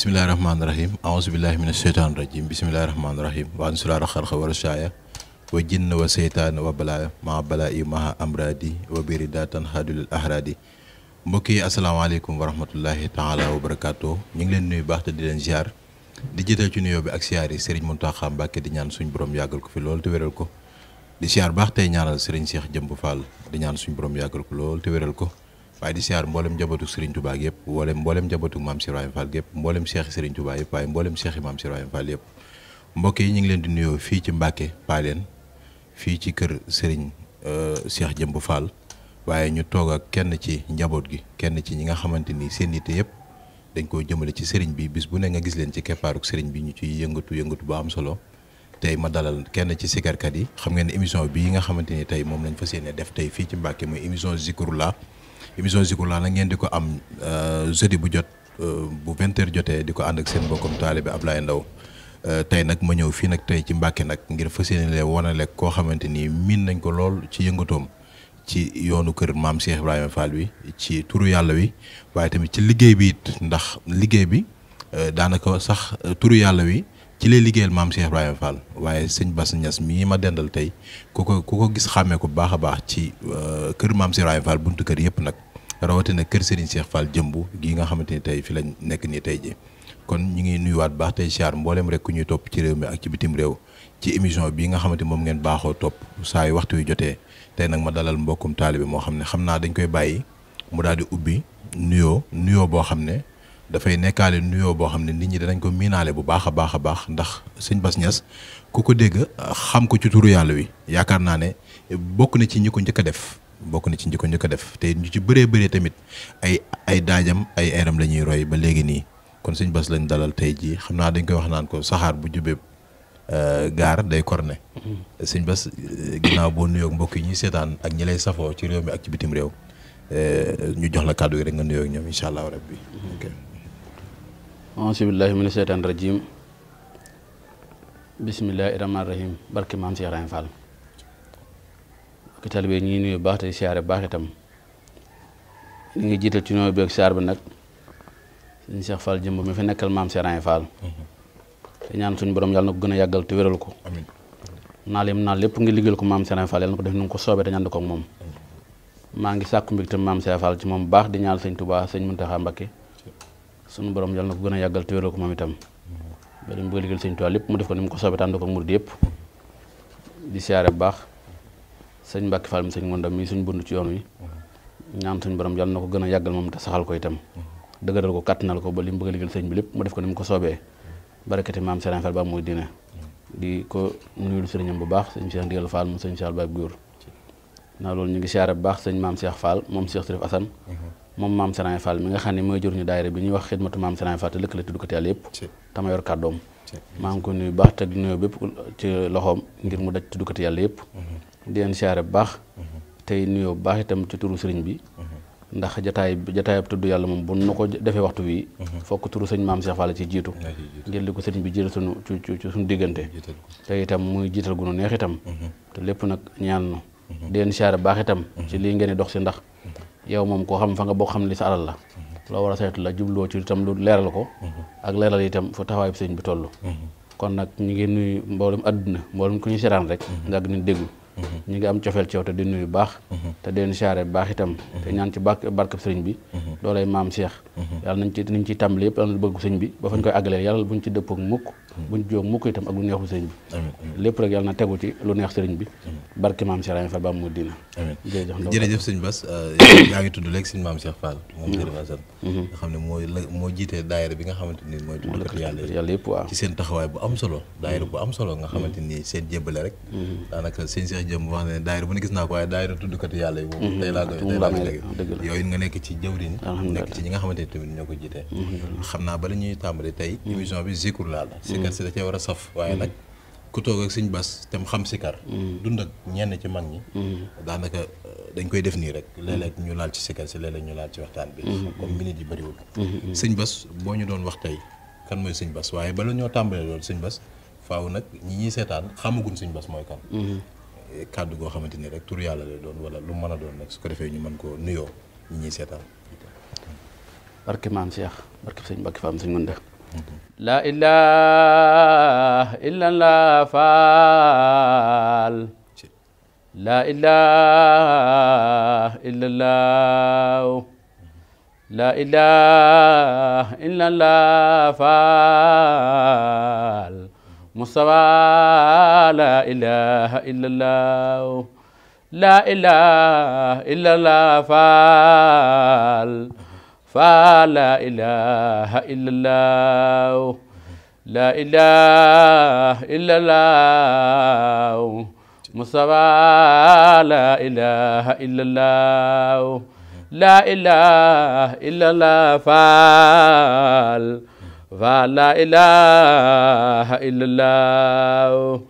bisimillahi rahmanirahim ahousubillahi mina sheytaan rajim bisimillahi rahmanirahim waan sulaara xalxa war a saaya wa jinn wa seytaan wa bala ma balaa i maha amradi wa biri daatan haadulil ahradi mbokk yi asalaamaaleykum wa rahmatullahi taala wa barakaatu ñu ngi leen nuyu baax te di leen ziar di jiital ci nuyoo bi ak siyaar yi Serigne Mountakha Mbacké di ñaan suñu boroom yàggal ko fi loolu te wéral ko di siyaar baax tey ñaanal Serigne Cheikh Jëmb Fall di ñaan suñu borom yàggal ko loolu te wéral ko waaye di siyaar mboolem njabootu Serigne Touba yëpp wala mboolem njabootu maam Cheikh Ibrahima Fall yëpp mboolem Cheikh Serigne Touba yëpp waaye mboolem Cheikh maam Cheikh Ibrahima Fall yëpp mbokk yi ñu ngi leen di nuyoo fii ci Mbacke Paaleen fii ci kër Serigne euh, Cheikh Jëmb Fall waaye ñu toog ak kenn ci njaboot gi kenn ci ñi nga xamante ni seen nit yëpp dañ koo jëmale ci Serigne bi bis bu ne nga gis leen ci keppaaruk sëriñ bi ñu ci yëngatu yëngatu bu am solo tey ma dalal kenn ci sikarkat yi xam ngeen ne émission bii nga xamante ni tey moom lañ fas yéene def tey fii ci Mbacke muy émission Zikrullah émission laa na ngeen di ko am euh, jeudi bu jot euh, bu vingt jotee di ko ànd ak seen mbokkum ab Ablaye Ndaw euh, tey nag ma ñëw fii nag tey ci Mbàkke nag ngir fas yéene leen wanale koo xamante ni miin nañ ko lool ci yëngatoom ci yoonu kër maam Cheikh Ibrahima Fall wi ci turu yàlla wi waaye tamit ci liggéey bi ndax liggéey bi daanaka sax turu yàlla wi. ci lay liggéeyal maam Cheikh Ibrahima Fall waaye sëñ Bass Niass mii ma dendal tey ku ko ku ko gis xàmmee ko baax a baax ci euh, kër maam Cheikh Ibrahima Fall buntu kër yëpp nag rawatina kër Serigne Cheikh Fall jëmbu gii nga xamante ni tey fi lañ nekk nii tey ji kon ñu ngi nuyuwaat baax tey siyaar mbooleem rek ku ñuy topp ci réew mi ak ci bitim réew ci émission bii nga xamante moom ngeen baaxoo topp saa yu waxtu yu jotee tey nag ma dalal mbokkum taalibe moo xam ne xam naa dañ koy bàyyi mu daal di ubbi nuyoo nuyoo boo xam ne dafay nekkaale nuyoo boo xam ne nit ñi danañ ko miinaale bu baax a baax a baax ndax sëñ bas Niass ku ko dégg xam ko ci turu yàlla wi yaakaar naa ne bokk na ci ñi ko njëkk a def bokk na ci ñi ko njëkk def te ñu ci bëree bëree tamit ay ay daajam ay eeram la ñuy roy ba léegi nii kon sëñ Bass lañ dalal tey jii xam naa dañ koy wax naan ko saxaar bu jubee euh, gaar day korne mm-hmm. sëñ Bass ginnaaw boo nuyoog mbokk yi ñuy seetaan ak ñi lay safoo ci réew mi ak ci bitim réew euh, ñu jox la kàddu yi rek nga nuyoog ñoom incha allah rabbi mm-hmm. auzu billahi mina sheytaan rajim bismillahi rahmaan rahim barki maam Cheikh Ibrahima Fall ki talibe ñi nuyu baax tey siyaare baax itam li ngi jiital ci noo beeg siyaar bi nag suñu Cheikh Fall jëmb mi fi nekkal maam Cheikh Ibrahima Fall te ñaan suñu borom yàlla na ko gën a yàggal te wéral ko naal yim naal lépp ngi liggéeyal ko maam Cheikh Ibrahima Fall yàlla na ko def nu ngi ko soobee te ñaan ko ak moom maa ngi sàkku mbégte maam Cheikh Fall ci moom baax di ñaal sunu borom yalla nako gëna yagal a te wéral ko moom itam ba dem bëggal bëgg a liggéeyal sëñ mu def ko nim mu ko soobee tànn ko murid yëpp di siaré bax baax mbacke Fall mi sëñ Ngondam mi suñu bund ci yoon wi ñaan suñu borom yalla nako gëna yagal mom ta saxal ko itam dëgëral ko katnal ko ba lim bëggal bëgg a bi lepp mu def ko nim ko sobe barakati mam Serigne Fall ba mooy dina di ko nuyu serigne bu bax seigne Cheikh Ndigal Fall mu sëñ Cheikh Baye Gour na lol ñu ngi siyaare bax seigne mam Cheikh Fall mom Cheikh serif Assane mom mam senay Fall mi nga xamni moy jurni jur daayira bi ñuy wax xidmatu mam senay Fall te la tuddu ko teel yëpp tama yor kàddoom ma ngi ko nuyu baax te nuyoo bëpp ci loxom ngir mu daj ko yàlla yépp mm-hmm. di en siyaare bu baax mm-hmm. tey nuyoo baax itam ci turu serigne bi mm-hmm. ndax jotaay ab tuddu yalla mom bu nu ko defee waxtu wi fokk turu serigne mam Cheikh Fall ci jitu ngir li serigne bi jitu sunu ci suñu digënté tay itam muy jital gu nu neex itam te lepp nak ñaan na di en siyaare baax itam ci li ngeen di dox ci ndax yow moom koo xam ne fa nga bokk xam ne sa alal la loo war a saytu la jubloo ci tam lu leeral ko ak leeral itam fa taxawaay bi sëñ bi toll kon nag ñu ngi nuyu mboolem àdduna mboolem ku ñu seraan rek nga ak ñu déglu ñu ngi am cofeel ci yow te di nuyu baax te deen siyaare baax itam te ñaan ci barke barkab sëriñ bi doolay maam Cheikh yàlla nañ ci niñ ci tàmbali yëpp am lu bëgg sëriñ bi ba fañ koy àggalee yàlla buñ ci dëppook mukk buñ jóg mukk itam ak lu neexu sëriñ bi lépp na tegu lu neex sëriñ bi barke maam Cheikh Rahim Fall ba mu diina jërëjëf jërëjëf sëñ Bass euh, yaa ngi tudd léegi sëñ maam Cheikh Fall mm-hmm. mm-hmm. xam ne mooy moo jiitee daayira bi nga xamante ni mooy tudd yàlla yàlla yëpp waaw ci seen taxawaay bu am solo daayira bu am solo nga mm-hmm. xamante ni seen jébbale rek daanaka sëñ Cheikh Jëm wax ne daayira bu ne gis naa ko waaye daayira tuddkat yàlla yi moom tey laa koy tey laa koy dégg ah, yooyu nga nekk ci jëwriñ nekk ci ñi nga xamante ni tamit ñoo ko jiitee xam naa bala ñuy tàmbali tey émission bi zikr laa la sikar si da cee war a saf waaye nag ku toog ak bas te xam sikar dund ak ñenn ci mag ñi daanaka eh, dañ koy def nii rek léeg-léeg ñu laal ci sikar si léeg-léeg ñu ci waxtaan bi comme minute yi bëriwul sëñ bas boo ñu doon wax tey kan mooy sëñ bas waaye bala ñoo tàmbalee loolu sëñ bas faaw nag ñi ñuy seetaan xamaguñ sëñ bas mooy kan eh, kàddu goo xamante ni rek tur yàlla lay doon wala lu mën a doon nag su ko defee ñu mën koo nuyoo ñi ñuy seetaan barke maam Cheikh barke sëñ Mbacke Fam sëñ Ngonde لا إله إلا الله فال لا إله إلا الله لا إله إلا الله فال مصطفى لا إله إلا الله لا إله إلا الله فال فلا إله إلا الله لا إله إلا الله مصطفى لا إله إلا الله لا إله إلا الله فال فلا إله إلا الله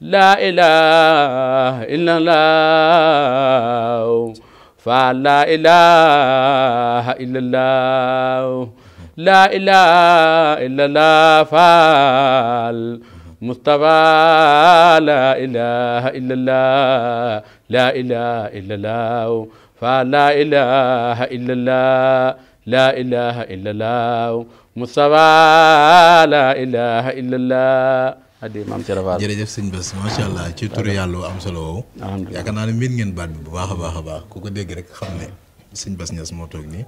لا إله إلا الله فلا إله إلا الله لا إله إلا الله فال مصطفى لا إله إلا الله لا إله إلا الله فلا إله إلا الله لا إله إلا الله مصطفى لا إله إلا الله addi maam Cheikh Fall jërëjëf sëñ Bass macha allah ci turu yàlla am solo woowu. yaakaar naa ne miin ngeen baat bi bu baax a baax a baax ku ko dégg rek xam ne. sëñ Bass Niass moo toog nii.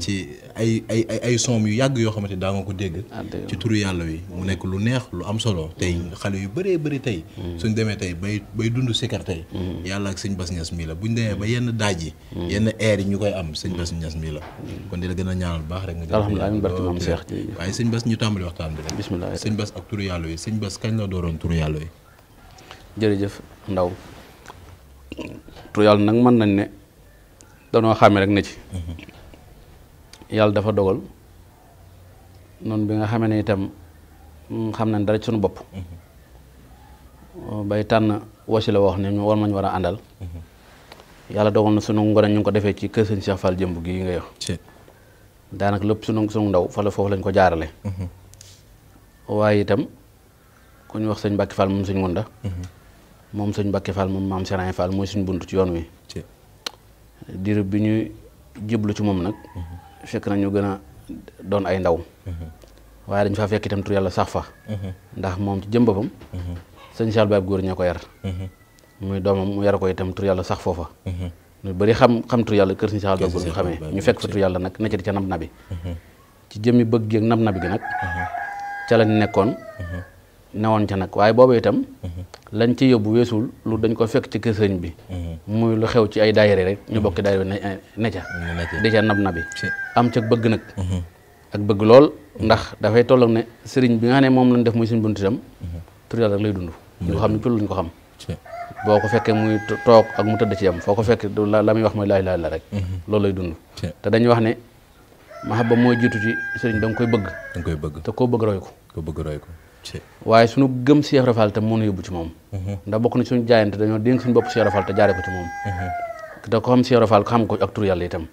ci ay ay ay ay yu yàgg yoo xamante daa nga ko dégg. Ah, ci turu yàlla wi mu nekk lu neex lu am solo. tey xale yu bëree bëri tey. Mm. suñ demee tey bay bay dund sikar tey. Mm. yàlla ak sëñ bas Niass mii la buñ demee ba yenn daaj yi. Mm. yenn air ñu koy am sëñ Bass Niass mii la. kon di la gën a ñaanal baax rek. nga alhamdulilah amiin barke maam Cheikh waaye sëñ Bass ñu tàmbali waxtaan bi rek. bisimilah sëñ Bass ak turu yàlla wi sëñ Bass kañ la dooroon turu yàlla wi. jërëjëf Ndaw turu yàlla nag mën nañ ne danoo xàmme rek na ci yàlla dafa dogal noonu bi nga xamee ne itam xam nañ dara ci suñu bopp bay tànn wasi la wax ne ñu war mañ war a àndal yàlla dogal na sunu ngone ñu ko defee ci kër sëñ Cheikh Fall jëmb gii nga yox daanaka lépp sunu sunu ndaw fa la foofu lañ ko jaarale waaye itam ku ñu wax sëñ Mbacke Fall moom sëñ Ngunda moom sëñ Mbacke Fall moom maam Serigne Fall mooy suñ bunt ci yoon wi diir bi ñuy jublu ci moom nag mhm. fekk nañu gën a doon ay ndaw mhm. waaye dañ faa fekk itam tur yàlla sax fa mhm. ndax moom ci jëm boppam sëñ Saal Baab góor ñoo ko yar muy doomam mu yar ko itam tur yàlla sax foofa ñu bëri xam xam tur yàlla kër sëñ Saal Baab góor ñu xamee ñu fekk fa tur yàlla nag na ci di ca nab nabi ci jëmmi bëgg ak nab nabi gi nag ca lañ nekkoon newoon ca nag waaye boobu itam mhm. lañ ci yóbbu weesul lu dañ ko fekk ci kër sëñ bi mhm. muy lu xew ci ay daayira rek ñu mhm. bokki daayira eh, ne ca di ca nab nabi am ca bëgg nag ak bëgg lool ndax dafay tolloog ne sëriñ bi nga xam ne moom lañ def muy suñ bunt itam tur yàlla lay dund lu xam ne ci lañ ko xam boo ko fekkee muy toog ak mu tëdd ci am foo ko fekk la muy wax mooy laa ilaaha illa rek loolu lay dund te dañuy wax ne mahabba mooy jiitu ci sëriñ da nga koy bëgg da koy bëgg te koo bëgg roy ko bëgg roy waaye suñu gëm Cheikh Ibra Fall te moo ñu yóbbu ci moom mhm. ndax bokk na suñu jaayante dañoo dénk suñu bopp Cheikh Ibra Fall te jaare ko ci moom mhm. te ko xam Cheikh Ibra Fall ko xam ko ak tur yàlla itam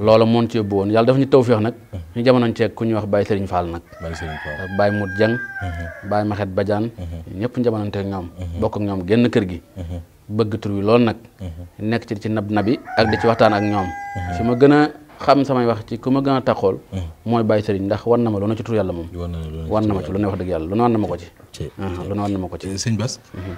loola moon ci yóbbu woon yàlla dafa ñu tawféex nag mhm. ñu jamonoñ ceeg ku ñuy wax Baye Serigne Fall nag Baye Mout Dieng Baye Maxet Badiane ñëpp jamonoñ teeg ñoom bokk ak ñoom genn kër gi bëgg tur wi loolu nag nekk ci ci nab nabi ak di ci waxtaan ak ñoom fi ma xam samay wax ci ku ma gën a taxool mm. mooy bàyyi sëriñ ndax war na ma lu ne ci tur yàlla moom war na ma ci lu ne wax dëgg yàlla lu ne war ma ko ci lu ne war na ma ko ci ah, eh, sëñ Bass mm-hmm.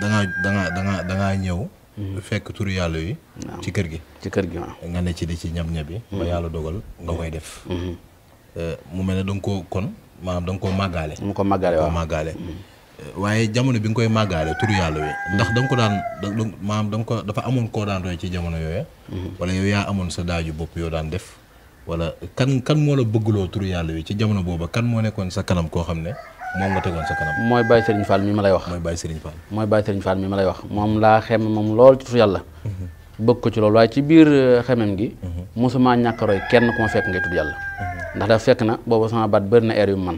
dangaa dangaa dangaa dangaa ñëw mm-hmm. fekk turu yàlla yi ci kër gi ci kër gi waaw nga ne ci di ci ñam ñabi ba mm-hmm. yàlla dogal nga koy def eh, mu mel ne danga koo kon maanaam danga koo màggaale mu ko màggaale waaw màggaale waaye jamono bi nga koy màggaale turu yàlla wi ndax da ko daan maanaam da nga ko dafa amoon koo daan roy ci jamono yooya. Mhm. wala yow yaa amoon sa daaju bopp yoo daan def. wala kan kan moo la bëggloo turu wi ci jamono booba kan moo nekkoon sa kanam koo xam ne moom nga tegoon sa kanam. mooy Baye Serigne ma lay wax. mooy Baye Serigne Fall. mooy ma lay wax moom laa xem moom lool ci yàlla. Mhm. bëgg ko ci loolu waaye ci biir euh, xemem gi. Mhm. mosuma ñàkk roy kenn ku ma fekk ngay tudd yàlla. ndax dafa fekk na booba sama baat bëri na air yu man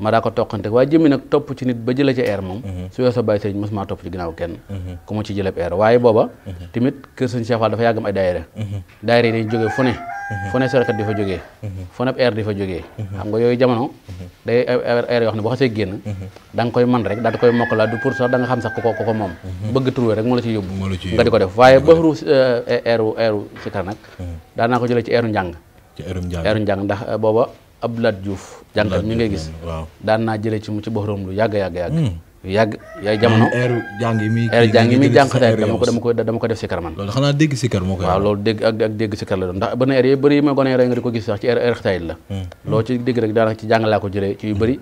ma da ko tokante waaye jëmmi nak top ci nit ba jëlee ci air mom mhm. su yoo sa bàyyi sëriñ mosuma topp ci ginaaw kenn mhm. kuma ci jëleb air waye boba mhm. timit keur sëñ Cheikh Fall dafa yàggam ay daayira daayira ni joge fune fune ne fu sarakat di fa jógee fu ne air di fa jógee xam nga yoy jamono day air yoo xam ne boo xasee génn da koy man rek daal koy mokk la du pour sax da nga xam sax ko ko ko moom bëgg trouver rek mo la ci yóbbu nga diko def waye ba ru eh, eh, airu airu si kar da na ko jëlee ci airu njang ci airu njang airu njang ndax eh, boba Abdoulaye Diouf jànkat ñu ngi gis daan na jëlé ci mu ci borom lu yag yag yag hmm. yag yaay jamono eeru jangi mi eeru jangi mi jànqataay dama ko dama ko dama ko def ci karman lolou xana xanaa dégg si kar moo koy waaw lolou dégg ak ak dégg ci kar la doon ndax bana eer yi bëri ma gone eer nga diko gis sax ci eer eer xataay la hmm. lo ci dégg rek daanaka ci jàng laa ko jëlé ci yu bëri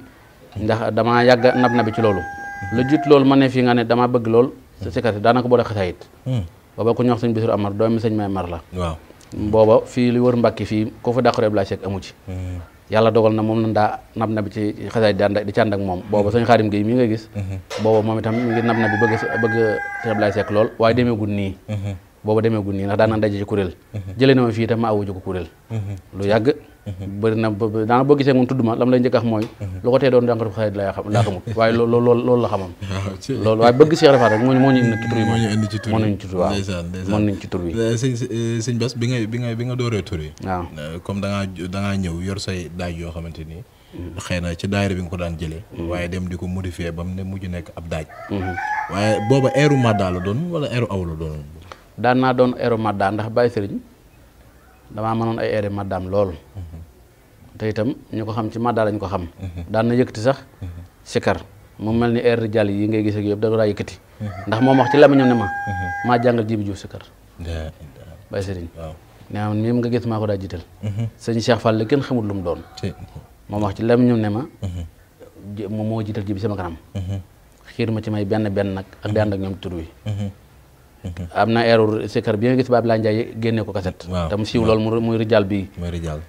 ndax dama yag nab nab ci lolou hmm. lu jitt lolou ma ne fii nga né dama bëgg lolou ci si kar daanaka boo dee xataay it booba ku ñuy wax sëñ Bisiru Amar doomi señ May Mar la waaw booba fi li wër Mbàkke fi ko fa dàquree Ablaye Seck amu ci yàlla dogal na moom nan daa nab na bi ci xasaay di ci ànd moom booba sëñ Xaadim Gueye mi nga gis mhm. booba moom itam mi nab na bi bëgg bëgg Cheikh Abdoulaye Seck lool waaye demeegul nii mhm. booba demeegul nii ndax daan naan daje ci kuréel mhm. jëlee na ma fii itam ma awu ko kuréel mhm. lu yàgg mhm. bëri na daana boo gisee moom tudd ma lam lay njëkk a mooy lu ko tee doon jànkatu xarit laa xam laa xamul waaye loolu loolu la xamoon ah, loolu waaye bëgg Cheikh Rafat rek moo moo ñu indi ci tur bi moo ñu bi moo bi sëñ sëñ Bass bi nga bi dooree tur yi waaw eh, comme da ngaa ñëw yor say daaj yoo xamante nii mm. xëy na ci daayira bi nga ko daan jëlee mm. waaye dem di ko modifier ba mu ne mujj nekk ab daaj mm-hmm. waaye booba eeru ma daal la doon wala eeru aw la doon daan naa doon aéro madda ndax bàyyi sëriñ damaa mënoon ay aéré maddaam lool te itam ñu ko xam ci madda lañu ko xam daan na yëkkati sax sikar mu mel ni air jàll yi ngay gis ak yëpp da daa yëkkati ndax moom wax ci lamiñam ne ma maa jàngal jibi juuf sikar bàyyi sëriñ nee na nga gis maa ko daa jiital sëñ Cheikh Fall kenn xamul lu doon moom wax ci lamiñam ne ma mhm. moom moo jiital jibi sama kanam mhm. xiir ma ci may benn benn nag ak mhm. di ànd ak ñoom tur wi amna na erreur sikar bi nga gis Baab Laa jay génne ko tam siw lol moy rijal bi moy rijal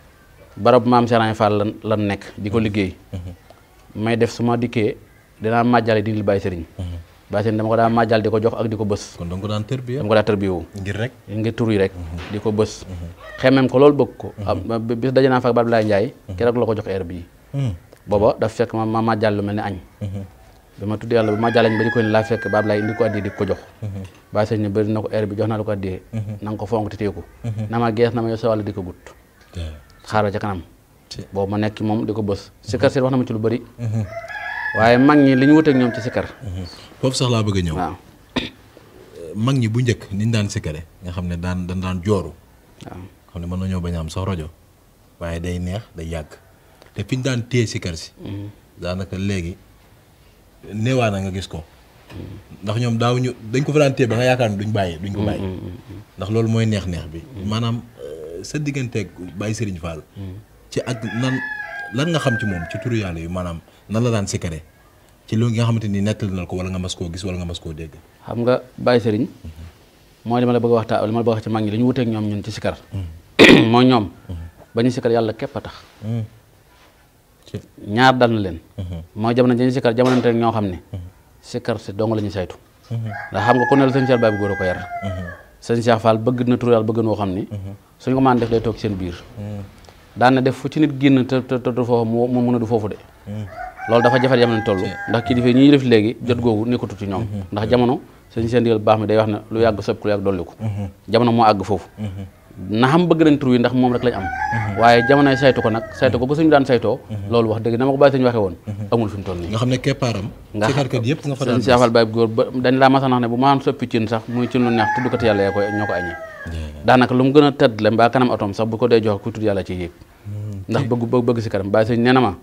barab mam serain Fall lan nek diko di mm-hmm. may def suma diké dina majalé di lil mm-hmm. dama ko da majal di jox ak di kubus, kon dama ko daan tërbiyo dama ko daa tërbiyo ngir rek ngir tur rek mm-hmm. di beus xemem ko lol bëgg bis dajena fa Baab Laa Njaay keroog la jox erreur bi mm. booba da fekk ma ma lu melni bi ma tudd yàlla bi ma jàllañ ba di ko ni laa fekk baab laay indi ko addee di ko jox bàyyi sëñ ne bëri na ko air bi jox naa la ko addee mhm. ko fonk te teeku mhm. na ma gees na ma yow sa di ko gut xaaral ca kanam boobu ma nekk moom di ko bës mhm. sikar seet wax na ma ci lu bëri waaye mag ñi li ñu wuteeg ñoom ci sikar foofu sax laa bëgg a ñëw waaw eh, mag ñi bu njëkk niñ daan sikare nga xam ne daan dañ daan jooru waaw xam ne mën na ñëw bañ am sax rajo waaye day neex day yàgg te fi ñu daan téye sikar si daanaka léegi néewaa na nga gis ko ndax ñoom ñu dañ ko fa daan téye ba nga yaakaar ne duñ bàyyi duñ ko bàyyi mm, mm, mm, ndax loolu mooy neex-neex bi maanaam euh, sa digganteeg Baye Serigne Fall ci ak nan lan nga xam ci moom ci turu yàlla yi maanaam nan la daan sikkare ci loolu nga xamante ni nettali na ko wala nga mas koo gis wala nga mas koo dégg xam nga Baye Serigne mm-hmm. mooy li ma la bëgg a waxtaan li ma la bëgg a wax ci mag ñi li ñu wuteeg ñoom ñun ci sikkar mooy ñoom mm-hmm. ba ñaar dal leen mhm. mo jamono ji ñu sikkar jamono tan ñoo xam ne mhm. sikkar ci dong lañu saytu mhm. da xam nga ku neul señ Cheikh babu goro ko yar señ Cheikh Fall bëgg na tur yàlla bëgg no woo suñ ko man def lay tok seen biir da na def fu ci nit genn te te te foofu mu du fofu de lool dafa jafar jamono tollu ndax ki difé ñuy def légui jot googu nekkatu tuti ñom ndax jamono señ cheikh digal baax mi day wax na lu yag sopp lu yag dolliku jamono mo ag fofu na xam bëgg nañ tur wi ndax moom rek lañ am mhm. waaye jamonoy saytu ko nag saytu ko ba suñu daan saytoo mhm. loolu wax dëgg na ma ko bàyyi sañu waxee woon mhm. amul fi mu nii nga ba dañ laa masa nax sax muy cin lu neex tuddkat yàlla ya koy ñoo ko añee daanaka lu gën a tëdd la mbaa kanam atom sax bu ko dee jox ku tudd yàlla ci yéeg mm. ndax bëgg bëgg si karam bàyyi sañ nee na ma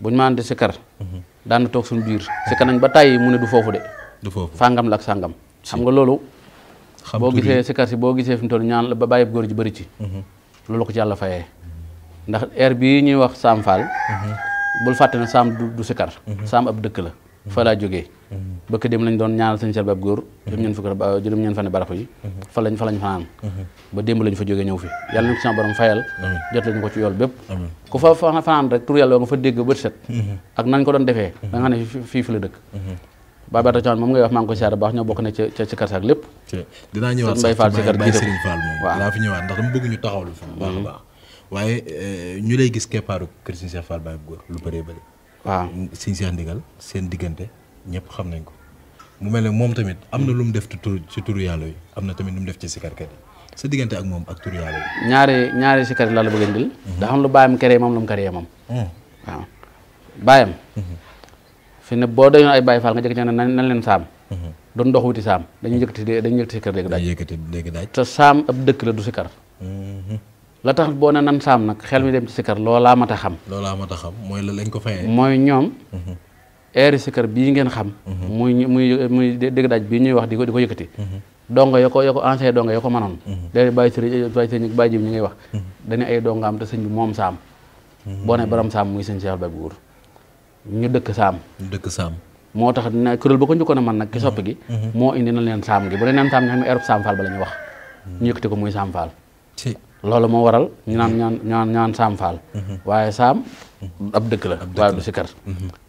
buñu si kar daana toog suñu biir si kar nañ ba tàyyi mu ne du foofu de du foofu sàngam la ak sàngam xam nga bo gisé si kar si boo gisee fi mu ñaan ba baye goor ji bari ci hmm lolu ko ci yalla fayé ndax air bi ñuy wax Sam Fall mhm. bul fàtte ne Sam du du sikar mhm. Sam ab dëkk la mhm. fa la joggé hmm bëkk dem lañ doon ñaanal sëñ Selbé Abgour juróom ñeen fukk euh, juróom ñeen fane barafu yi fa lañ fa lañ faan hmm ba dem lañ fa joggé ñew fi yalla ñu ko sama borom fayal hmm jot lañ ko ci yool bëpp hmm ku fa faan rek tur yalla nga fa dégg bët set ak nañ ko doon défé da nga né fi fi la dëkk hmm Babacar Thion moom ngay wax maa ngi ko siyaare baax ñoo bokk ne ca ci kër saak lépp. dinaa ñëwaat sax ci Baye Serigne Fall moom dinaa fi ñëwaat ndax dama bëgg ñu taxawlu fa baax a mhm. baax waaye eh, ñu lay gis keppaaru kër Serigne Cheikh Fall Baye Góor lu bëree bëri waaw Serigne Cheikh Ndigal seen diggante ñëpp xam nañ ko mu mel ne moom tamit am na lu mu def ci tur ci turu yàlla yi am na tamit lu mu def ci sikarkat yi sa diggante ak moom ak turu yàlla yi ñaari ñaari sikarkat la la bëgg a ndil mhm. daa xam lu bàyyam këree moom lu mu këree moom mhm. waaw bàyyam fi ne boo dañoo ay Baay Faal nga jëkk ñene nan leen sam mhm. doon dox wuti saam dañuy yëkkati dañuy yëkkati sikkar deg daj te sam ab dëkk la du sikkar mhm. la tax bo ne nan sam nak xel mi dem ci sikkar loolaa mat a xam loolaa mat a xam moy la lañ ko fayee mooy ñoom mhm. eeri sikkar bi ngeen xam moy muy muy deg daj bi ñuy wax diko diko di ko yëkkati dongo ya ko ya ko ancien dongo ya ko mënoon day bay ci bàyyi sëriñ bàyyi jib ñi ngay wax dañ ay am te señ bi mom sam bo ne borom sam muy señ Cheikh Baay Buur ñu dëkk saam dëkk saam moo tax na kuréel ba ko njëkkoon a man nag ki sopp gi mm-hmm. Mm-hmm. moo indi na leen saam gi bu leen saam ñu xam saam faal ba la wax mm-hmm. ñu yëkkati ko muy saam faal loolu moo waral ñu naan ñaan ñaan ñaan saam faal waaye saam ab dëkk la waaye du sikar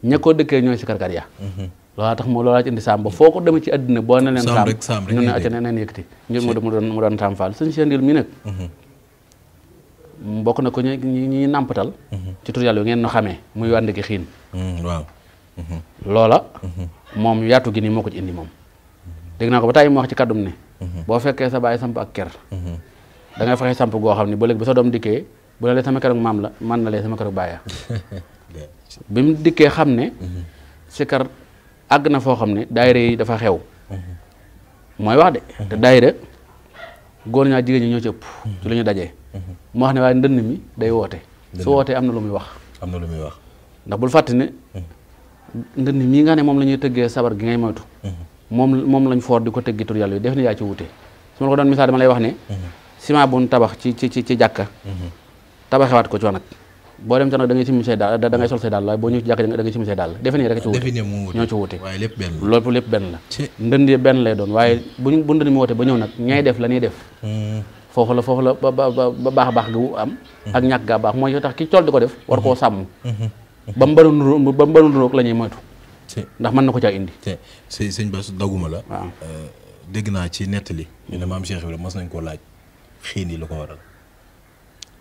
ña koo dëkkee ñooy sikarkat ya loolaa tax moo loolaa ci indi saam ba foo ko demee ci àddina boo ne leen saam ñu ne acca ne neen yëkkati ngir mu doon mu doon saam faal suñ seen mi nag bokk na ko ñu ñi nàmpatal ci tur yàlla ngeen no xamee muy wànd ki xiin Hmm, mhm. lola mom moom yaatu gi ni moko ci indi mom degna ko batay mo wax ci kadum ne mhm. bo fekke sa baye samp ak ker mhm. da nga fexe samp go xamni ne leg bu sa dom dikkee bu la lee sama keroog mam la man na lee sama keroog bàyya bi mu dikkee xam ne sikar àgg na foo ne daayira yi dafa xew moy wax de te daayira goor ñaa jigéen ñoo ci ëpp ci lañu ñu mo wax ne way ndënd mi day woote su wootee amna lu muy wax amna lu muy wax ndax bul fàtte ne ndënd mii nga ne moom la ñuy tëggee sabar gi ngay moytu moom moom lañ foor di ko tëggi tur yàlla yi def na yaa ci wute su ma la ko doon misaal dama lay wax ne ciment bu ñu tabax ci ci ci jàkka tabaxewaat ko ci wanag boo dem ca nag da ngay simi say daal da ngay sol say daal waaye boo ñëw ci jàkka da ngay simi say daal defe nii rek ci wute ñoo ci wute loolu lépp benn la ndënd benn lay doon waaye bu ndënd mi woote ba ñëw nag ñay def la ñuy def hmm. foofu la foofu la ba baax baax ga am hmm. ak ñàkk gaa baax mooy tax ki col di ko def war koo sàmm hmm. ba mu baroon ru ba mu baroon roog la ñuy moytu. ndax mën na ko caa indi. sëñ sëñ bas daguma la. waaw euh, dégg naa ci nettali. ñu ne am Cheikh Ibrahima mos nañ koo laaj xiin yi lu ko waral.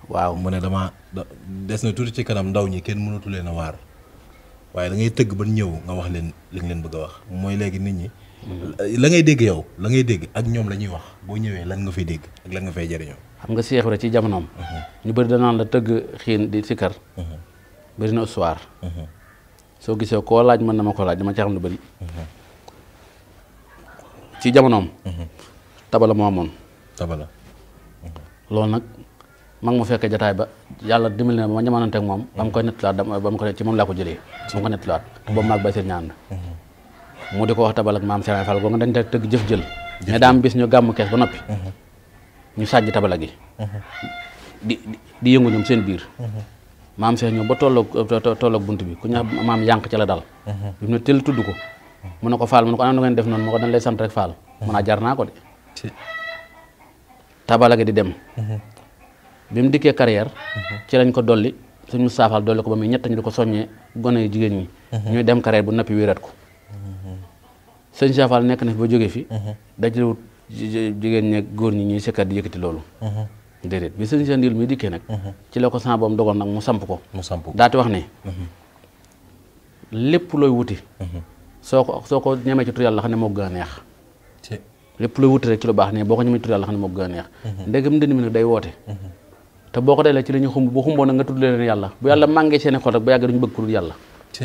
waaw mu ne dama des na tuuti ci kanam ndaw ñi kenn mënatu leen a waar waaye da tëgg ba ñëw nga wax leen li nga leen bëgg a wax mooy léegi nit ñi. Mm-hmm. la ngay dégg yow la ngay dégg ak ñoom la ñuy wax boo ñëwee lan nga fay dégg ak lan nga fay jëriñoo. xam nga Cheikh Ibrahima ci jamonoom. Mm-hmm. ñu bëri danaan la tëgg xiin di sikar mm-hmm. bari na histoire mhm. so gisee koo laaj man na ko laaj dama ci xam lu bari ci mhm. jamonoom mhm. tabala mo amone tabala loolu nak mag mo fekkee jotaay ba yalla dimbal na ma ñamanante ak mom ba ko koy nettalaat ba ko ci mom la ko jëlee ba ko netlat boobu mag bay seen ñaan mu diko ko wax tabal ak mam Serigne Fall go nga dañ teg tëgg jëf jël ne daam bis ñu gam kess ba noppi ñu sàjj tabala gi di di yëngu ñum seen biir Mam Cheikh ñëw ba tolok tolok buntu bi ku ñaa ah. maam yank ci la dal ah. bi mu ne tel tuddu ko ah. mu ne ko faal mu ne ko ana def non mu dañ lay sant rek faal ko de tabala gi di dem bi mu dikkee carrière ci lañ ko dolli suñ mu saafal dolli ko ba mi ñett ñu di ko ñi dem carrière bu nappi wéerat ko sëñ saafal nek na fi ba jógee fi dajale wut jigéen ñi goor ñi ñuy di loolu dedet bi sëñ Cheikh mi dikkee nak mhm. ci lako sa bam dogal mu samp ko. mu samp ko daal wax ne. Mhm. lepp loy wuti. Mhm. soko soko ñame ci tur yalla xane mo moo gën a neex. wuti rek ci lu bax ne boko ñame ci tur yalla xane mo moo neex. ndegam ndënd mi nak day woote. te boko ko la ci la xumbu bu xumbo nak nga tuddu leen yalla bu yalla mangé seen xol rek bu yag duñu bëgg ku dul ci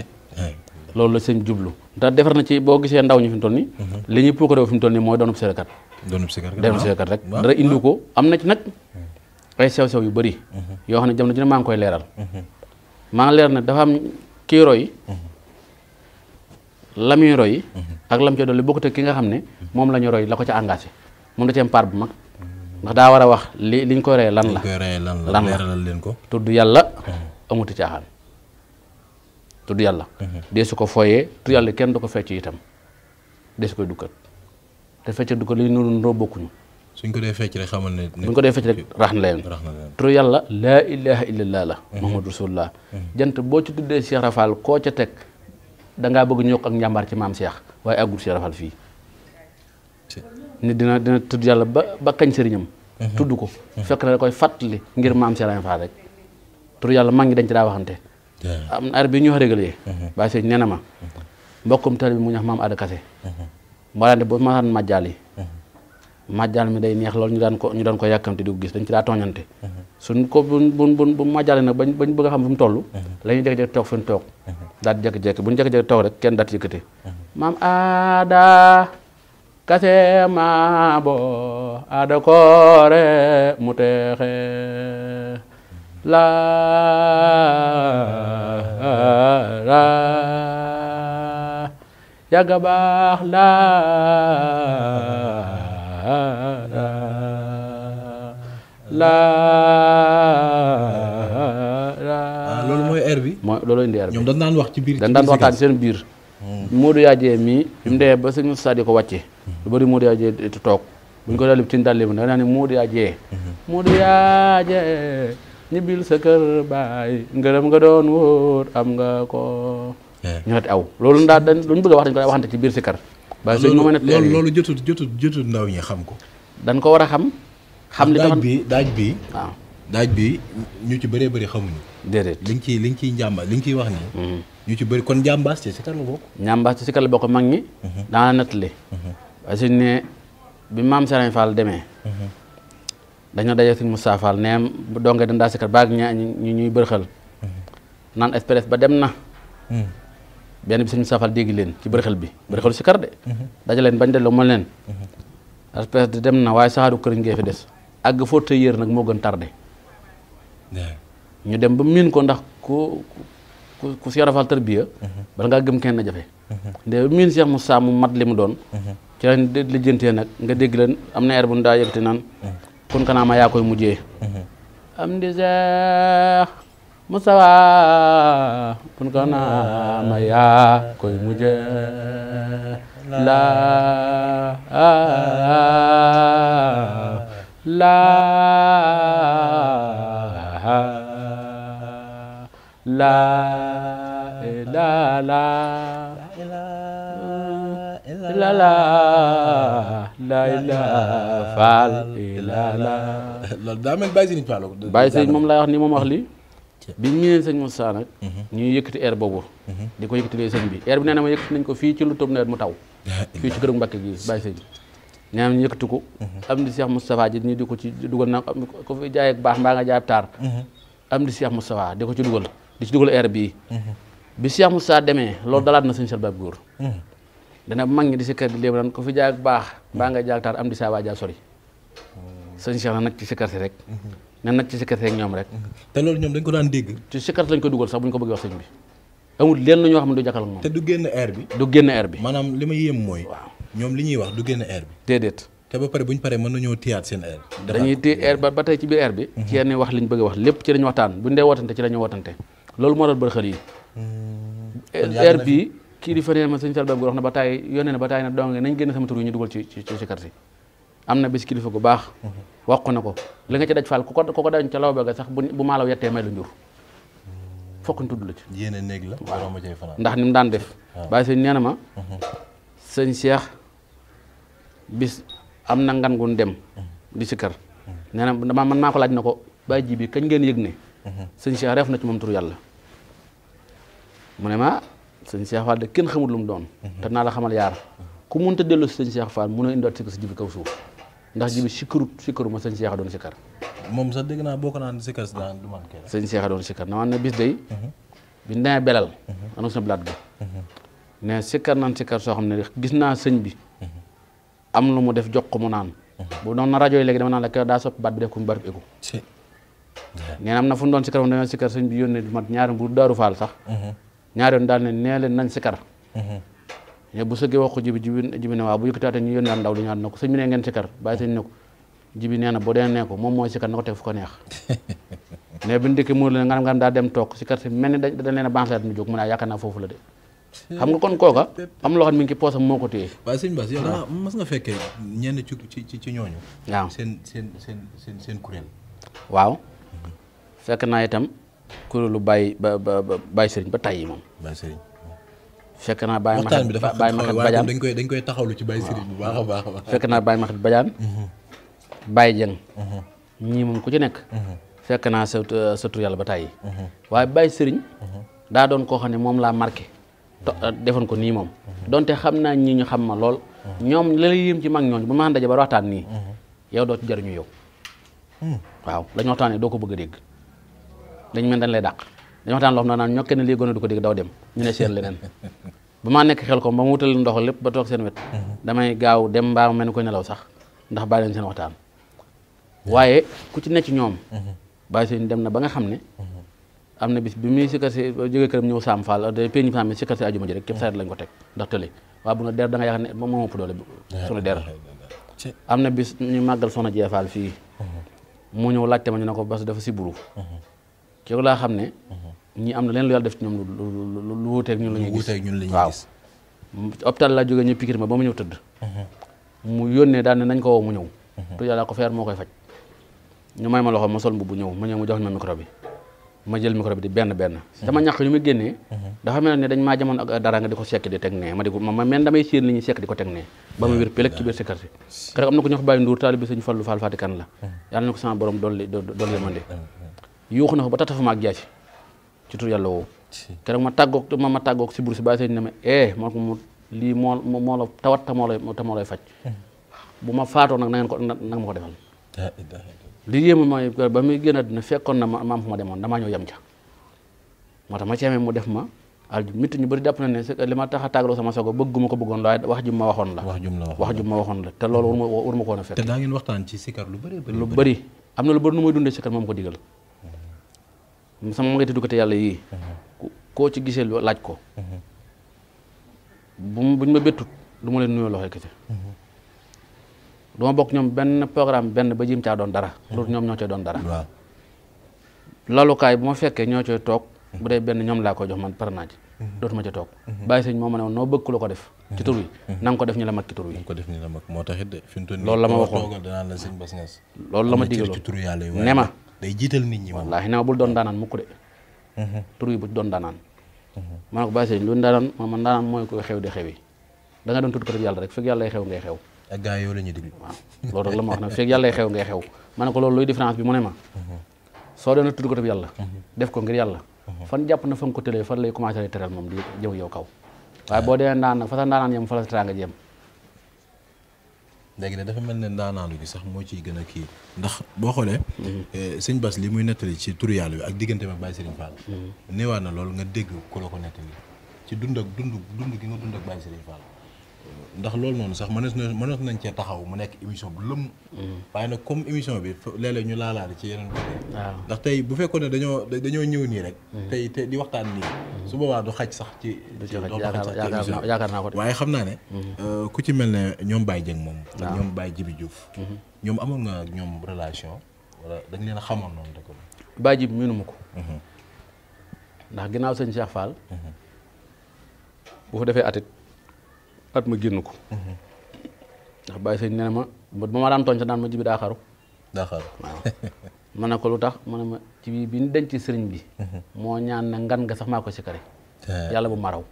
loolu la seen jublu da defar na ci bo gisee ndaw ñu fi tonni toll nii. li fi tonni moy nii sékkat doonub sékkat rek ah. dara indi ko amna ci nak ay sew-sew yu bari mhm. yo xamne jamna jamono mang koy leral mhm. maa leral na dafa am ki roy mhm. la roy ak lam ci dolli bokut ak ki nga xamne mom lañu roy lako ci ca engagé moom da ci am part bu mak ndax da wara wax li liñ ko reey lan la lan la len ko tuddu yalla amuti ci tudd tuddu yalla desu ko foyé tu yalla kenn du ko fecc itam desu ko dukkat te fecc du li ñu nuru bokkuñu suñ ko dee fecc rek xamal né buñ ko dee fecc rek rax na leen. ilaha illallah la. Mhm. muhammadur rasulullah. Mhm. jant bo ci tuddé Cheikh Rafal ko ca tek da nga bëgg ñu ak ñambar ci mam Cheikh agul Cheikh Rafal fi. ni dina dina tudd yalla ba ba kañ sëriñam. Mhm. tudd ko fekk na koy fatali ngir maam Cheikh Rafal rek turu yalla ma ngi dañ ci da waxante. am na ñu xaregal réglé. ba sey ma mbokum talib mu ñax mam Ada Kase. moo daan de ma han majali màjjal mi day neex loolu ñu daan ko ñu daan ko yàkkamte di ko gis dañ ci daa tooñante suñ ko bu bu bu bu màjjale bañ bañ bëgg a xam fu mu toll mhm. la ñuy jékki-jékki toog fen toog mhm. daal di jékki bu ñu jékki-jékki toog rek kenn daat yëkkati mhm. maam baax la la ah, loolu mooy air bi. mooy loolu indi air bi ñoom dañ wax ci biir. dañ daan waxtaan seen biir. Hmm. Modou Yadjé mii. bi mu dee ko wàcce. lu bëri Modou Yadjé di toog bu ñu ko daal di di mën da nga naan hmm. nga doon eh. aw loolu daal dañ lu bëgg a wax dañ ci biir si kër. ba sëñ ma mën a loolu loolu jotut jotut jotut ndaw ñi xam ko. dañ ko war a xam. xam li daaj bi daaj bi. waaw bi ñu ci bëree bëri xamuñu. déedéet li nga ciy li nga ciy njàmba wax nii. Hmm. ñu ci bëri kon njàmbaas ci sikar la bokk. njàmbaas ci sikar bokk mag ñi. Hmm. Hmm. parce que ne bi maam Serigne Fall demee. dañoo daje sëñ Moustapha Fall neem bu dongee dañ daa sikar baag ñaa ñuy bërxal. naan ba dem na. benn bi sëñ Moussa Fall dégg leen ci bërëxal bi bërëxalu si kar de dajaleen bañ delloo mën leen aspect dem na waaye saxaaru këriñ ngay fi des àgg foo tëy yër nag moo gën tardé ñu dem ba miin ko ndax ku ku ku si yarafal tarbiya bala ngaa gëm kenn na jafe nde miin Cheikh Moussa mu mat li mu doon ci lañ lijjantee nag nga dégg leen am na air bu ñu daa yëkkati naan kon kanaama yaa koy mujjee am di sax musawa kun kana ma yaa koy mujj ah, la la la la la la la la la faal la la. loolu daa mel bàyyi si ni Paalo. bàyyi si moom lay wax ni moom wax lii. bi ñu ñëwee sëñ Moussa nag. Mhm. ñuy yëkkati air boobu. Mhm. di ko yëkkatilee sëñ bi air bi nee na ma yëkkati nañ ko fii ci lu toog nawet mu taw. fii ci këru Mbacke gi bàyyi sëñ bi. ñaa ñu yëkkati ko. Mhm. am di Cheikh Moustapha ji ñu di ko ci dugal na ko fi jaay ak baax mbaa nga jaay ab taar. am di Cheikh Moustapha di ko ci dugal di ci dugal air bii. bi Cheikh Moustapha demee loolu dalaat na sëñ Sall Baab Góor. dana mag ñi di si di léegi naan ko fi jaay baax mbaa nga jaay taar am di saa sori. Oh. sëñ Cheikh nag ci si si rek. ne nag ci sikkat rek ñoom rek. te loolu ñoom dañ ko daan dégg. ci sikkat lañ ko dugal sax bu ñu ko bëggee wax sëñ bi amul lenn ñoo wax du génn te ba pare bu ñu mën nañoo téyaat seen air. dañuy téye air ba ba bi. Mhm. ci yenn wax liñ bëgg a wax lépp ci lañu waxtaan bu ñu dee wootante moo hmm. bi kii di fa nee ma wax na ba taay yónnee na ba taay na dong nañ génn sama tur yi ñu dugal ci ci am na bis kilifa gu baax mhm. wax na ko li nga ci daj faal ku ko ku ko dañ ca law ba sax bu maalaw yettee may la njur fokk ñu tudd la ci. néeg la waaw ndax ni mu daan def. waaw bàyyi sëñ nee ma. Mhm. sëñ Cheikh bis am na ngan gun dem. Mhm. di si kër. Mhm. nee na damaa man maa ko laaj na ko bàyyi ji kañ ngeen yëg ne. sëñ Cheikh reef na ci moom tur yàlla. mu ne ma sëñ Cheikh Fall de kenn xamul lu mu doon. te naa la xamal yaar ku munta dellu sëñ Cheikh Fall mu a indiwaat si ko si jibi kaw suuf. ndax jibi sikkarut sikkaru ma sëñ Cheikh doon sikkar moom sax dégg naa ko si daan du man kenn sëñ Cheikh doon sikkar na ne bis day mhm. bi nee belal anag suna naan sikkar soo xam ne gis naa sëñ bi mhm. am lu mu def jox ko mu naan mhm. bu na rajo yi léegi dama naan la kii daa soppi baat bi def ko mu barib éku nee na am na fu mu doon sikkar moom dañoo sikkar sëñ bi yónnee mat ñaari bu daaru faal sax ñaari yoon daal ne nee leen nañ sikkar bu sëggee wax ko jibi jibi jibi ne waaw bu yëkkataatee ñu yónnaat ndaw li ñaat na ko sëñ bi ne ngeen sikkar bàyyi sëñ ne ko jibi nee na boo dee ne ko moom mooy sikkar na ko teg fu ko neex mais bi ndikki muur la ngaram ngaram a banslaat mu jóg mu ne ah yaakaar naa foofu la de xam nga kon kooka am loo xam mi ngi ci poosam moo ko téye waaye sëñ Bass yow da mas nga fekkee ñenn ci ci ci ñooñu waaw seen seen seen seen seen kuréel waaw mhm. fekk naa itam kuréelu bàyyi ba bàyyi sëriñ ba tàyyi moom bàyyi sëriñ fekk naa Baye Maxat Baye Maxat Badiane dañ koy dañ koy taxawlu ci Baye Serigne bu baax a baax naa Baye Maxat Badiane. Mm-hmm. Baye Dieng. Mm-hmm. ñii moom ku ci nekk. Mm-hmm. fekk naa sa sa tur yàlla ba tàyyi. waaye Baye sëriñ daa doon koo xam ne moom laa marqué. defoon ko nii moom. donte xam naa ñii ñu xam ma lool. ñoom la lay ci mag ñooñu bu ma daje ba waxtaan nii. yow doo ci jariñu yow. waaw la ñu waxtaanee doo ko bëgg a dégg. dañ mel dañ lay dàq. dañu waxtaan loo xam naan ñokke ne lii gone du ko dig daw dem ñu ne seet leneen ba maa nekk xel ko ba ma wutal ndox lépp ba toog seen wet damay gaaw dem mbaa ma mel ni ko nelaw sax ndax bàyyi leen seen waxtaan waaye ku ci nekk ñoom bàyyi seen dem na ba nga xam ne am na bis bi muy sikkar si jóge këram ñëw saam fall peñu saam sikkar si ajuma ji rek képp saret lañ ko teg ndax tële waaw bu nga der da nga yaakaar ne moom moo ëpp doole suñu der am na bis ñu màggal soxna jee fall fii mu ñëw laajte ma ñu ne ko parce que dafa siburu ci laa xam mhm. ñi am na leen lu yalla def ci ñom lu lu lu wuuteeg ñun la ñuy gis wuuteeg ñun la ñuy gis waaw. hôpital laa jógee ñu pikir ma ba mu ñëw tëdd. Mhm. mu yónnee daal nañ ko woo mu ñëw. Mhm. tu yalla ko fer mo koy fajj ñu may ma loxo ma sol mbubu ñew ma ñew mu jox ma micro bi ma jël micro bi di ben ben dama ñak ñu mi génnee. dafa mel ne dañ ma jamono ak dara nga diko sék di tek né ma di ko ma man damay seen li ñuy sék diko tek né ba mu wir pelek ci biir sécurité si. amna ko ñu wax Baye Ndour taalibe Sëñ Fallu Fall Fatikan la. yalla nako sama borom dolli dolli yemande yuuxu na fa ba tatafu ma ak jaj ci tur yàlla woowu kene ma tagok ma ma tagok si bourse si bàyyi ma eh ma ko li mo mo la tawat ta moo lay ta mo lay fajj hmm. buma ma nak nag na ngeen ko nak nga ma ko defal li yem ma ba mi génn dina fekkon na ma am ma demoon damaa ñëw yem ma ci amee mu def ma al mitt ñu bari dapp na ne li ma taxa a sama sogo bëgguma ko bëggon waaye wax ju ma waxon la wax ju ma waxon la te loolu waruma waruma ko na fekk te da ngeen waxtaan ci sikar lu bari lu bari amna lu bari nu muy dundee sikar mom ko digal sama magati duggate yàlla yii mhm. koo ci gisee laaj ko mhm. bu buñ ma béttut du ma leen nuyoo loxo kese mhm. du ma bokk ñoom benn programme benn ba jim caa doon dara loolu ñoom ñoo cay doon dara lalukaay bu ma fekkee ñoo cay toog bu dee benn ñoom laa koy jox man pare naa ci dootuma toog bàyyi moo ma ne woon noo def ci tur yi na ko def ñu la mag ci tur yi ko def la mag moo taxit de fi loolu la ma waxoon loolu la ma digaloon ne ma day jiital nit ñi moom wallaahi ne ma bul doon daanaan mukk de mm-hmm. tur bi bu doon daanaan mm-hmm. ma ko bàyyi sëñ lu daanaan ma man daanaan mooy koy xew di xew yi da nga doon tudd ko yàlla rek fekk yàlla xew xew la ñuy déglu waaw loolu rek la ma wax nag fekk yàlla xew ngay xew ma ne ko loolu luy différence bi mu ne ma mm-hmm. soo doon tudd ko yàlla def ko ngir yàlla fan jàpp na fa nga ko tëlee fan lay commencé lay teral moom di jëw yow kaw ah. waaye boo demee nag fa sa ndaanaan yem fa la teraanga jëm léegi nag dafa mel na ndaanaandu bi sax moo ciy gën a kii ndax boo xoolee. Mhm. Eh, sëñ Bass li muy nettali ci turu bi ak diggante ba Baye Serigne Fall. Mhm. néewaat na loolu nga dégg ku la ko nettali ci dund ak dund dund gi nga dund ak Baye Serigne Fall. ndax loolu noonu sax mënees na mënees nañ cee taxaw mu nekk émission bu lëmm. waaye nag comme émission bi léeg-léeg ñu laalaale ci yeneen côté. bu fekkoon ne dañoo dañoo ñëw nii rek. Mm-hmm. tey te di waxtaan nii. Mm-hmm. su boobaa du xaj sax ci. du ci xaj yaakaar naa ko de waaye xam naa ne. Mm-hmm. Euh, ku ci mel ne ñoom Baye Dieng moom. waaw ñoom Baye Jibi Diouf. ñoom amoon nga ak ñoom relation wala dañ leen a xamoon noonu rek. Baye Jibi miinu ma ko. ndax ginnaaw sëñ Cheikh Fall. bu fa defee atit at ma génn ko. ndax bàyyi sëñ nee na ma ba ma daan tooñ sa daan ma ji bi daa xaru. daa xaru waaw. ma ne ko lu tax ma ne ma ci bi ñu denc sëriñ bi. moo ñaan na ngan nga sax maa ko sikkare. Eh. yàlla bu maraw.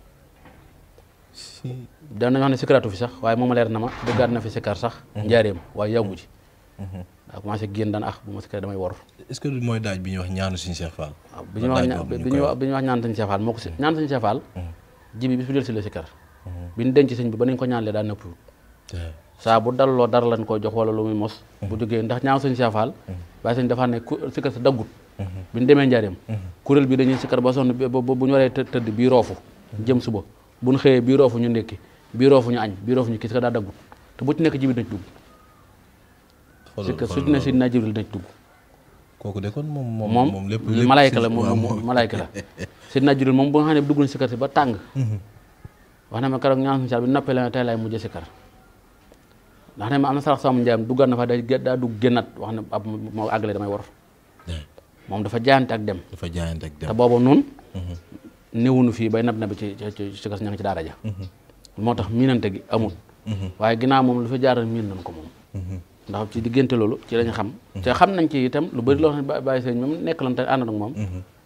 si daan nañu wax ne na ma dëggaat sax. njaareem waaye yàggu ci. daa ax ah, bu ma sikkaree damay wor. est-ce que mooy daaj bi ñuy wax ñaanu suñu Cheikh Fall. waaw ñuy wax ñaan wax ñaanu suñu Cheikh Fall moo ko si mm-hmm. ñaanu suñu Cheikh bi bis jël si la sikkar. bin ñu denc sëñ bi ba ko ko ñaanle daa nëpp sa bu lo dar lañ ko jox wala lu muy mos mm-hmm. bu jógee ndax ñaaw sëñ Saafaal mm-hmm. ba sëñ dafa ne sikkat sikkar sa daggut mm-hmm. bi kurel demee bi dañuy sikkat ba son bu ñu waré teud bi rofu jëm suba bu ñu xëyee bii roofu ñu nekk bi rofu ñu añ bi rofu ñu kii sikkar da daggut te bu ci nekk jibi daj dugg sikkar su ci ne si naa jibril daj dugg kooku de kon moom moom moom lépp malayka la moom malayka la bu nga xam si ba wax na ma keroog ñaan suñu saal bi noppee la ne tey laay mujj sikkar ndax ne ma am na sarax sama njaam duggaat na fa day daa dugg génnaat wax ne ab moo àggale damay war moom dafa jaayante ak dem dafa jaayante ak dem te boobu noonu mhm. fii bay nab nabi ci ci ci kas ña ngi ci daa ja mhm. moo tax miinante gi amul mhm. waaye ginnaaw moom lu fi jaaral miin nañ ko moom ndax ci diggante loolu ci lañu xam te xam nañ ci itam lu bëri loo xam ne bàyyi sëñ moom nekk lan te ànd ak moom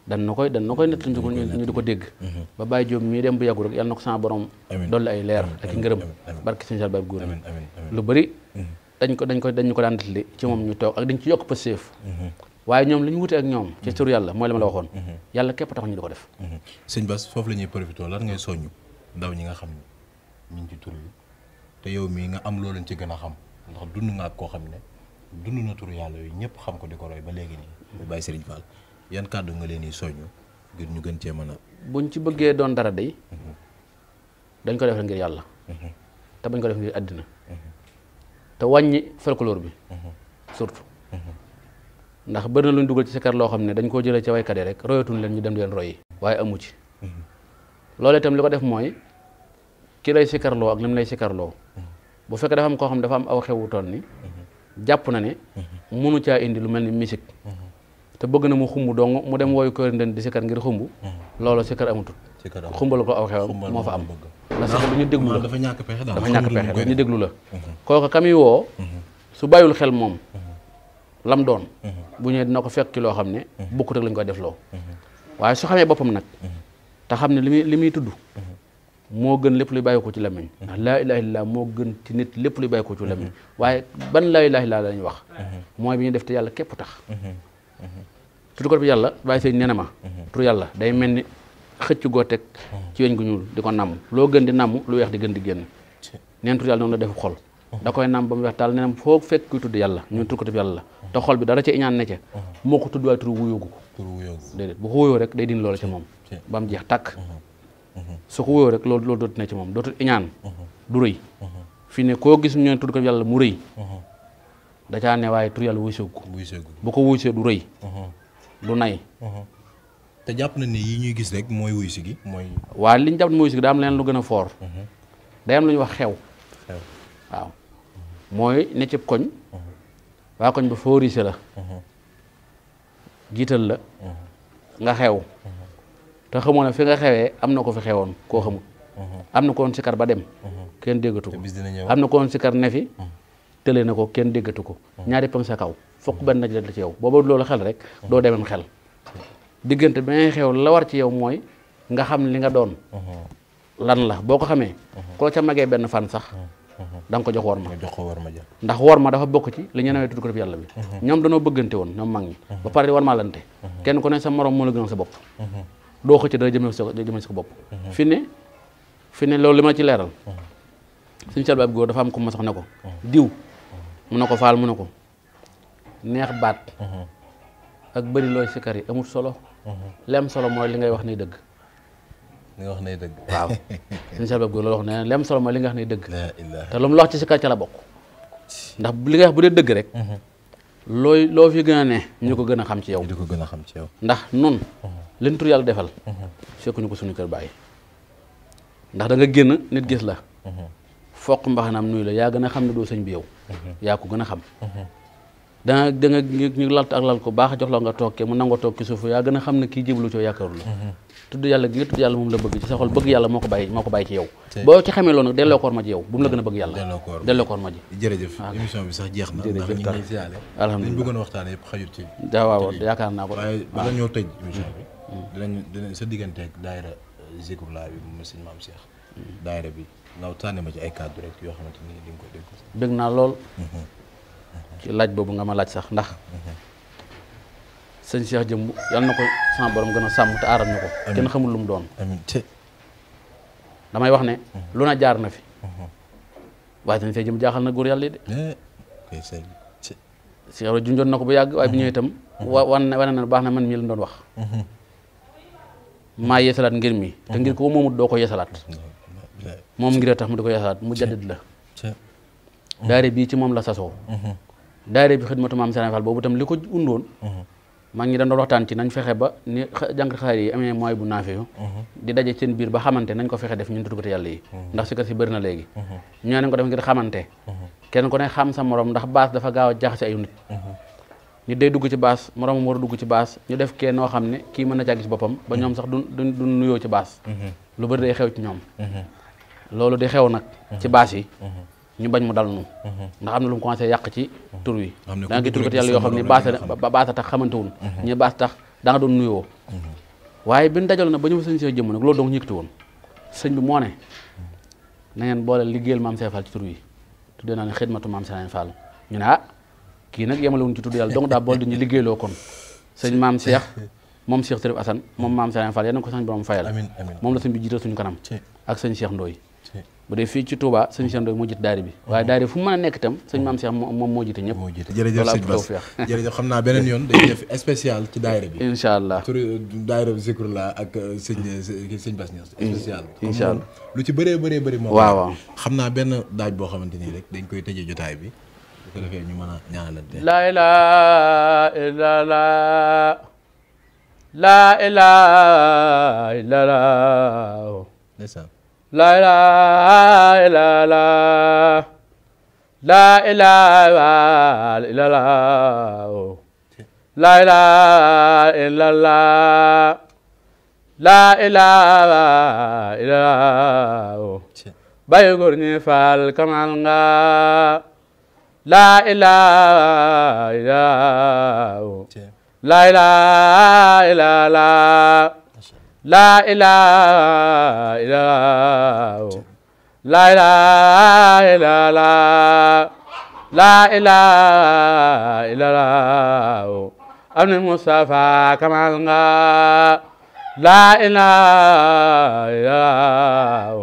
dan na koy dan na koy nettali ñu di ko dégg mm-hmm. ba Baye Diop mii dem bu yàggu rek yàlla na ko sama borom dolli ay leer ak i ngërëm barki sëñ Sall Baye Góor lu mm-hmm. dañ ko dañ ko dañ ñu ko daan nettali moom ñu toog ak dañ ci yokk pëseef mm-hmm. waaye ñoom li ñu wute ak ñoom ci tur yàlla mooy li ma la waxoon yàlla képp tax ko def sëñ Bass la ñuy profité lan ngay soññu ndaw ñi nga xam ne ñu ngi ci tur yi te yow mii nga am loolu leen ci gën a xam ndax dund nga ak koo xam ne dund na tur yàlla yooyu ñëpp xam ko di ko roy ba léegi nii bàyyi Serigne Fall yan kaddu nga leni soñu ngir ñu gën ci mëna buñ ci bëggé doon dara day dañ ko def ngir yàlla. ta bañ ko def ngir àddina. ta wañi folklore bi. surtout. ndax bërna luñ duggal ci sa kër loo xam dañ ko jëlé ci way kadé rek royatuñ leen ñu dem di leen royi. waye amu ci. loolu itam li def moy ki lay lo ak lim lay lo bu fekk dafa am ko xam dafa am aw xewu toon ni na ne munu ca indi lu mel musique te bëgg na mu xumb dong mu dem wooyu kër ndënd di sikkar ngir xumb mm-hmm. loolu sikkar amatul xumbal ko aw xewam moo fa am ndax sikkar du ñu déglu la dafa ñàkk pexe du ñu déglu la mm-hmm. kooku ka muy woo mm-hmm. su bàyyul xel moom lam doon bu ñëwee dina ko fekk ci loo xam ne bokkut ak lañ koy def loo waaye su xamee boppam nag te xam ne li muy li muy tudd moo gën lépp luy bàyyi ko ci làmmiñ ndax laa ilaaha illallaah moo gën ci nit lépp luy bàyyi ko ci làmmiñ waaye ban laa ilaaha illallaah la wax mooy bi ñu def te yàlla képp tax tudd ko bi yàlla bàyyi sëñ nee na ma mhm. tur yàlla day mel ni xëcc goo teg mhm. ci weñ gu ñuul di ko namm loo gën di namm lu weex di gën di génn neen tur yàlla noonu la def xol mhm. da koy namm ba mu weex taal neenam foo fekk kuy tudd yàlla ñun tur ko bi yàlla la te xol bi dara ci iñaan ne ca moo ko tudd waaye tur wuyoogu moom ba mu jeex tàkk su ko wuyoo rek loolu dootu ne moom dootul iñaan du rëy fii ne koo gis ñu ne tudd ko bi yàlla mu rëy da caa ne waaye tur yàlla wuysee ko. wuysee ko bu ko wuysee du rëy. du nay. te jàpp na ni yi ñuy gis rek mooy wuysi gi mooy. waaw li ñu jàpp ne mooy wuysi gi daa am leneen lu gën a foor. day am lu ñuy wax xew. xew waaw mooy ne ci koñ. waa koñ ba foorise la. jiital la. nga xew. te xamoo ne fi nga xewee am na ko fi xewoon koo xamul. am na ko woon sikar ba dem. kenn déggatu ko am na ko ne fi. tëlee nako ko kenn déggatu ko ñaari pang sa kaw fokk ben nañ la ci yow booba loolu xel rek do demem xel digënté bi ngay xew la war ci yow moy nga xam li nga doon lan la xamé ko ca magé ben fan sax dang ko jox war jox ko war ja ndax war dafa bokk ci li ñëwé tuddu ko def yalla bi ñom dañu bëggënté won ñom mag ni ba paré di lanté lante kenn ku ne sa morom mo la gënal sa bopp doo xëcc da jëmé sa jëmé sa bop fi né fi né loolu lima ci léral suñu sel bi dafa am ko ma sax nako diw mu ko faal mu ne ko neex baat mhm. ak bëri loy sikari amul solo mhm. lem solo moy li ngay wax nay deug li wax nay deug waaw sen sabab go lo wax ne lem solo moy li nga wax deug la ilaha ta lum lo wax ci sikkar ca la bokk ndax li nga wax bu dee dëgg rek mhm. loy lo fi gën ne ñu ko gën xam ci yow ñu ko gën xam ci yow ndax nun leen tur yalla defal fekkuñu ko suñu kër bàyyi ndax da nga genn nit gis la fokk mbaxnam nuyu la ya gëna xam ne do señ bi yow yaa ko gën a xam danga da nga ñu lalt ak lal ko baax jox la nga toog mu nangoo toog ci suuf yaa gën a xam ne kii jéblu coo yaakaaru la tudd yàlla gi nga tudd yàlla moom la bëgg ci sa xol bëgg yàlla moo ko bàyyi moo ko bàyyi ci yow boo ci xamee loolu delloo koor ma ji yow bu mu la gën a bëgg yàlla delloo koor ma ji jërëjëf émission bi sax jeex a waxtaane yëpp xajut ci da waaw yaakaar naa ko waaye bala ñoo tëj émission bi mm. dinañ dinañ sa digganteeg daayira Zikroulahi bi mu sëñ Maam Cheikh mm. daayira bi naaw tànne ma ci ay cadre rek yoo xamante ni di ko dégg. bëgg naa lool. Mm-hmm. ci laaj boobu nga ma laaj sax ndax. sëñ Cheikh Jëmb yal na ko sama borom gën sàmm te aaral na ko. kenn xamul lu mu doon. damay wax ne. Mm-hmm. lu na jaar na fi. Mm-hmm. waaye dañ see jëm jaaxal na góor yàlla yi de. Eh, kay sëñ bi. Cheikh na ko bu yàgg waaye bi ñëwee itam. wa wane wane na baax na man mii lañ doon wax. maa yeesalaat ngir mi. te ngir ko moomut doo ko yeesalaat. mom ngir tax mu diko ko mu jaddid la daare bi ci mom la saso mhm. daare bi xidmatu mam senegal bobu tam liko undon ko undoon mhm. ngi dañ do waxtan ci nañ fexé ba ni jang xaar yi amé moy bu nafé mhm. di dajé seen bir ba xamanté nañ ko fexé def ñun tudd ko yi ndax si kër si bëri na léegi ñoo nañ ko def ngir xamanté kenn ko né xam sa morom ndax bass dafa gaaw jax ci ay nit ni day dugg ci bass morom mo dugg ci bass ñu def ké no xamné ki mëna jagg ci bopam ba ñom sax du du ci bass lu bëri day xew ci ñom loolu di xew nag ci baas yi mhm. Mhm. ñu bañ mu dal nu mhm. ndax am na lu mu commencé yàq ci tur wi da nga gis turkat yoo xam ni baas baas a tax xamantewun ñu baas tax da nga doon nuyoo waaye bi ñu dajal na ba ñu fa sëñ see jëmm nag loolu dong ñëkkati woon sëñ bi moo na ngeen boole liggéeyal maam Seex Fall ci tur wi tuddee naa ne xidmatu maam Seex Fall ñu ne ah kii nag yemale wuñ ci tudd yàlla dong daa boole dañu liggéeyloo kon sëñ maam Seex moom Cheikh Sërif Assane moom maam Seex Fall yéen a ko sëñ moom la sëñ bi jiital suñu kanam ak sëñ Cheikh Ndoye bu dee fii ci Touba sëñ Cheikh Ndoye moo jiite daari bi waaye mm-hmm. daari fu mu mën a nekk itam sëñ Maam Cheikh moom moo jiite ñëpp moo jiite jërëjëf sëñ Bass jërëjëf xam naa beneen yoon dañuy def spécial ci daayira bi incha allah tur daayira bi sa ak sëñ euh, sëñ Bass Niass mm-hmm. spécial incha allah lu ci bëree bëree bëri moom waaw waaw xam naa benn daaj boo xamante nii rek dañ koy tëjee jotaay bi bu ko a ñaanalante laa ilaaha illallaah laa ilaaha laa ilaaha illallaah oh. laa ilaaha illallaah laa ilaaha illallaah laa ilaaha illallaah oh. bay góor ñi faal kamal nga laa ilaaha illallaah laa ilaaha oh. illallaah laa ilaaha illallaah laa ilaaha illallaah laa ilaaha illallaah am na Mustafa kamal nga laa ilaaha illallaah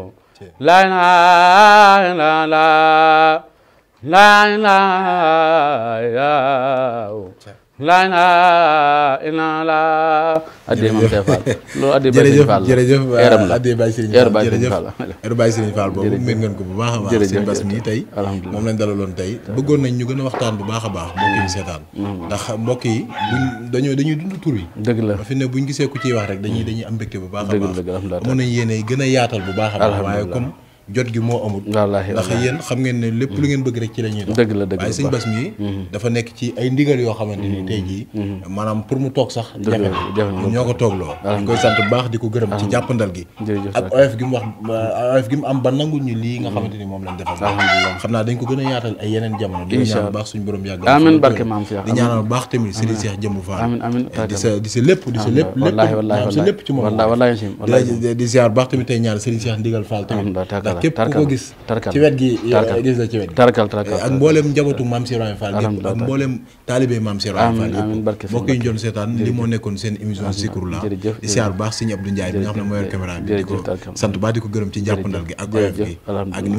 laa ilaaha illallaah laa ilaaha illallaah laa naa inna laa. jërëjëf jërëjëf addee Baye Serigne Fall jërëjëf addee Baye Serigne Fall boobu miin ngeen ko bu baax a baax seen bas mii tey moom lañ dalaloon tey bëggoon nañ ñu gën a waxtaan bu baax a baax mbokk seetaan mm-hmm. Mm-hmm. ndax mbokk yi buñ dañoo dañuy dund tur yi dëgg la fi ne buñ gisee ku ci wax rek dañuy mm-hmm. dañuy am mbégte bu baax a baax amoon nañ yéene gën a yaatal bu baax a baax waaye comme jot gi mo amul ndax yeen xam ngeen ne lepp lu ngeen bëgg rek ci la ñuy dox la deug ay seigne sëñ Bass mii dafa nek ci ay ndigal yo xamanteni mm-hmm. tay ji mm-hmm. manam pour mu tok sax jafe ñoko tok lo toogloo ah. ñu koy sant bu baax di ko ci ah. jappandal gi ak OF gi mu wax OF gi mu am ba nangul ñu li nga mm-hmm. xamanteni mom lañ defal xam naa dañ ko gëna yaatal ay yenen jamono di ñaan bu baax suñu borom yàgg amin barke maam Cheikh di ñaanal bu baax tamit Serigne Cheikh jëm Fall amin amin eh, di sa di sa lepp di sa lepp wallahi wallahi lepp ci mom wallahi wallahi di ziar baax tamit tay ñaan Serigne Cheikh Ndigal Fall tamit tarkal képp ku ko gis ci wet gi tarkal eh, tarkal ak mboolem njabootu maam Cheikh Ibrahima Fall yëpp ak mboolem taalibe doon seetaan li moo nekkoon seen émission Zikroulah di siyaar bu baax sëñ Abdou Ndiaye bi nga xam ne bi di ko sant baa di ko gërëm ci njàppandal gi ak woyof gi ak li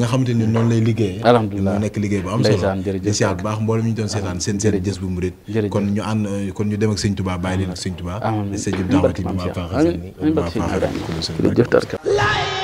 nga baax mboolem ñu doon seetaan seen seen jës bu murit kon ñu ànd kon ñu dem sëñ Touba bàyyi leen ak sëñ Touba sëñ Jib Daawati bi maa faaxal seen ni maa faaxal ko seen